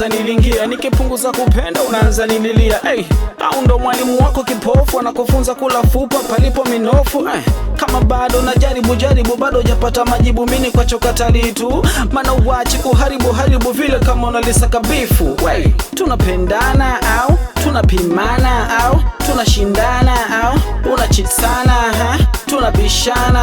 unaanza nilingia, nikipunguza kupenda unaanza nililia. Hey, au ndo mwalimu wako kipofu anakufunza kula fupa palipo minofu eh? Kama bado na jaribu jaribu, bado hujapata majibu, mini kwa chokatali tu, maana uwachi kuharibu haribu vile kama unalisaka bifu. Hey, tunapendana au tunapimana au tunashindana au unachitana ha? Eh. tunabishana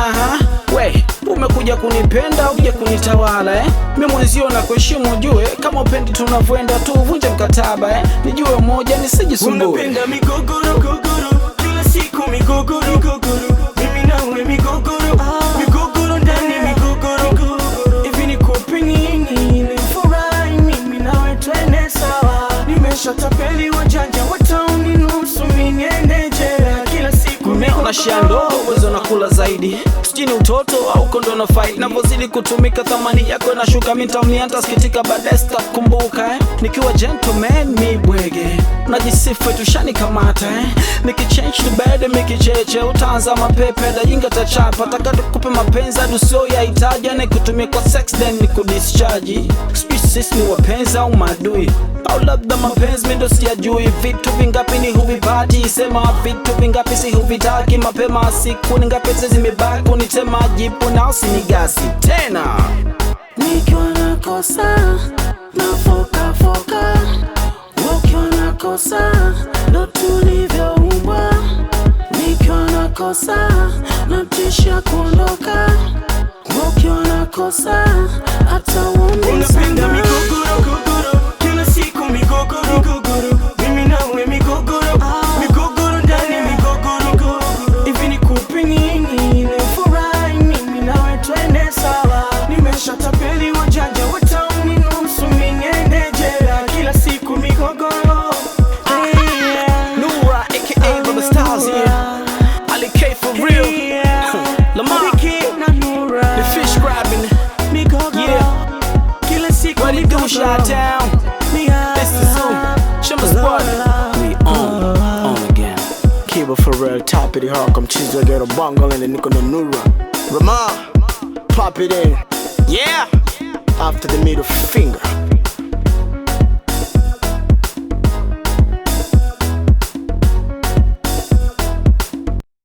umekuja kunipenda ukija kunitawala eh? Mimi mwenzio na kuheshimu ujue, kama upendi tunavyoenda tu uvunje mkataba eh? Nijue moja nisijisumbue. Unapenda migogoro gogoro, kila siku migogoro gogoro, mimi na wewe migogoro ah, migogoro ndani migogoro hivi ni nikupe nini? Nifurahi mimi na wewe twende sawa, nimeshatapeli wajanja wataoni nusu mimi nashia ndo uwezo na kula zaidi, sijini utoto au kondo na faidi. Navyozidi kutumika thamani yako inashuka, mitamia ntasikitika, baadaye sitakumbuka eh. Nikiwa gentleman mi bwege najisifu tushanikamata eh. Nikichange tubede mikicheche utaanza mapepe dajinga tachapa taka tukupe mapenzi adusio yahitaji, kutumia kwa sex then ni kudischarge sisi ni wapenzi au maadui au labda mapenzi mimi ndo sijajui. Vitu vingapi ni huvipati, sema vitu vingapi si huvitaki mapema. Siku ni ngapi zimebaki unitema, jipu na usinigasi tena nikiwa nakosa nafoka foka, ukiwa nakosa ndo tulivyoumbwa, nikiwa nakosa natisha kuondoka ukiona kosa hata uone sana shot down. This is who, Shimmer Squad. We on, on again. Keep it for real, top of the hawk. I'm cheesy, get a bungle and the nickel no nura. Rama, pop it in. Yeah, after the middle finger.